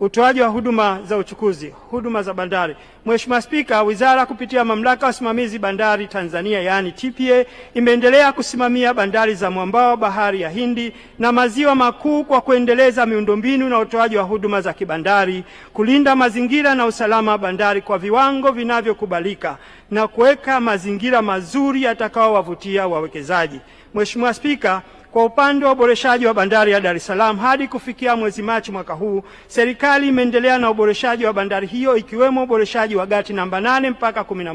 Utoaji wa huduma za uchukuzi, huduma za bandari. Mheshimiwa Spika, wizara kupitia mamlaka ya usimamizi bandari Tanzania yaani TPA imeendelea kusimamia bandari za mwambao, bahari ya Hindi na maziwa makuu kwa kuendeleza miundombinu na utoaji wa huduma za kibandari, kulinda mazingira na usalama wa bandari kwa viwango vinavyokubalika na kuweka mazingira mazuri yatakaowavutia wawekezaji. Mheshimiwa Spika, kwa upande wa uboreshaji wa bandari ya Dar es Salaam, hadi kufikia mwezi Machi mwaka huu, serikali imeendelea na uboreshaji wa bandari hiyo ikiwemo uboreshaji wa gati namba nane mpaka kumi na,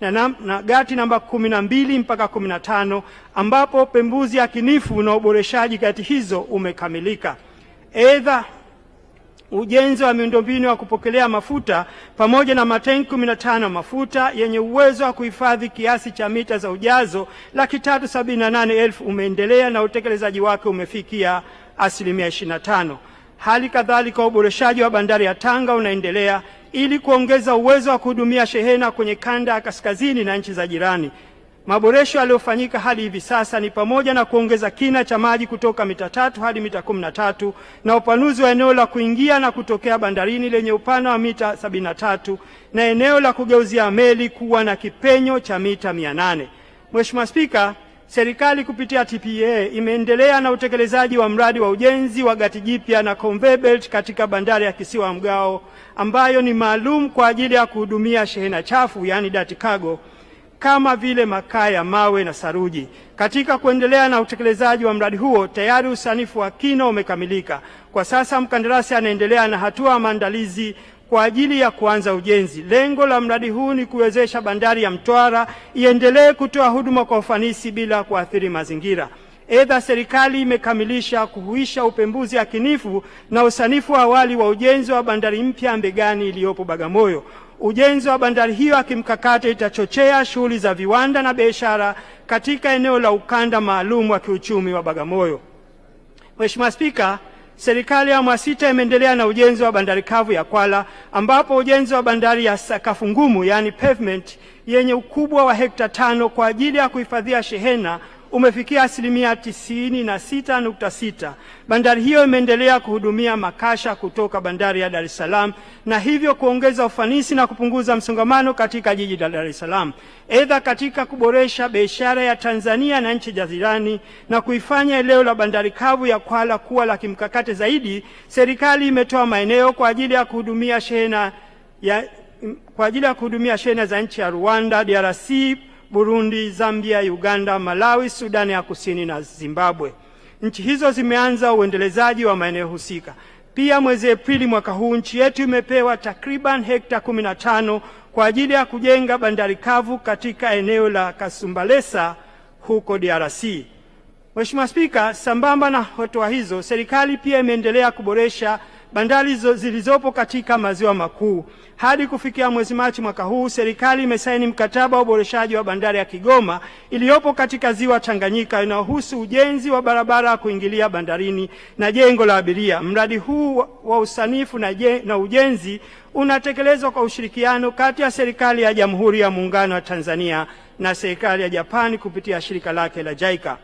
na, na gati namba mbili mpaka tano ambapo pembuzi ya kinifu na uboreshaji gati hizo umekamilika. Aidha, ujenzi wa miundombinu ya kupokelea mafuta pamoja na matenki 15 mafuta yenye uwezo wa kuhifadhi kiasi cha mita za ujazo laki tatu sabini na nane elfu umeendelea na utekelezaji wake umefikia asilimia 25. Hali kadhalika uboreshaji wa bandari ya Tanga unaendelea ili kuongeza uwezo wa kuhudumia shehena kwenye kanda ya kaskazini na nchi za jirani. Maboresho yaliyofanyika hadi hivi sasa ni pamoja na kuongeza kina cha maji kutoka mita tatu hadi mita kumi na tatu na upanuzi wa eneo la kuingia na kutokea bandarini lenye upana wa mita sabini na tatu na eneo la kugeuzia meli kuwa na kipenyo cha mita mia nane. Mheshimiwa Spika, serikali kupitia TPA imeendelea na utekelezaji wa mradi wa ujenzi wa gati jipya na conveyor belt katika bandari ya kisiwa Mgao ambayo ni maalum kwa ajili ya kuhudumia shehena chafu yaani dirty cargo kama vile makaa ya mawe na saruji. Katika kuendelea na utekelezaji wa mradi huo, tayari usanifu wa kina umekamilika. Kwa sasa mkandarasi anaendelea na hatua ya maandalizi kwa ajili ya kuanza ujenzi. Lengo la mradi huu ni kuwezesha bandari ya Mtwara iendelee kutoa huduma kwa ufanisi bila kuathiri mazingira. Aidha, serikali imekamilisha kuhuisha upembuzi yakinifu na usanifu wa awali wa ujenzi wa bandari mpya Mbegani iliyopo Bagamoyo. Ujenzi wa bandari hiyo ya kimkakati itachochea shughuli za viwanda na biashara katika eneo la ukanda maalum wa kiuchumi wa Bagamoyo. Mheshimiwa Spika, serikali ya awamu ya sita imeendelea na ujenzi wa bandari kavu ya Kwala ambapo ujenzi wa bandari ya sakafu ngumu yaani pavement yenye ukubwa wa hekta tano kwa ajili ya kuhifadhia shehena umefikia asilimia tisini na sita nukta sita. Bandari hiyo imeendelea kuhudumia makasha kutoka bandari ya Dar es Salaam na hivyo kuongeza ufanisi na kupunguza msongamano katika jiji la Dar es Salaam. Aidha, katika kuboresha biashara ya Tanzania na nchi jirani na kuifanya eneo la bandari kavu ya Kwala kuwa la kimkakati zaidi, serikali imetoa maeneo kwa ajili ya kuhudumia shehena ya kwa ajili ya kuhudumia shehena za nchi ya Rwanda, DRC Burundi, Zambia, Uganda, Malawi, Sudani ya Kusini na Zimbabwe. Nchi hizo zimeanza uendelezaji wa maeneo husika. Pia mwezi Aprili mwaka huu nchi yetu imepewa takriban hekta 15 kwa ajili ya kujenga bandari kavu katika eneo la Kasumbalesa huko DRC. Mheshimiwa Spika, sambamba na hatua hizo, serikali pia imeendelea kuboresha bandari zilizopo katika maziwa makuu. Hadi kufikia mwezi Machi mwaka huu, serikali imesaini mkataba wa uboreshaji wa bandari ya Kigoma iliyopo katika ziwa Tanganyika inayohusu ujenzi wa barabara ya kuingilia bandarini na jengo la abiria. Mradi huu wa usanifu na, je, na ujenzi unatekelezwa kwa ushirikiano kati ya serikali ya Jamhuri ya Muungano wa Tanzania na serikali ya Japani kupitia shirika lake la JICA.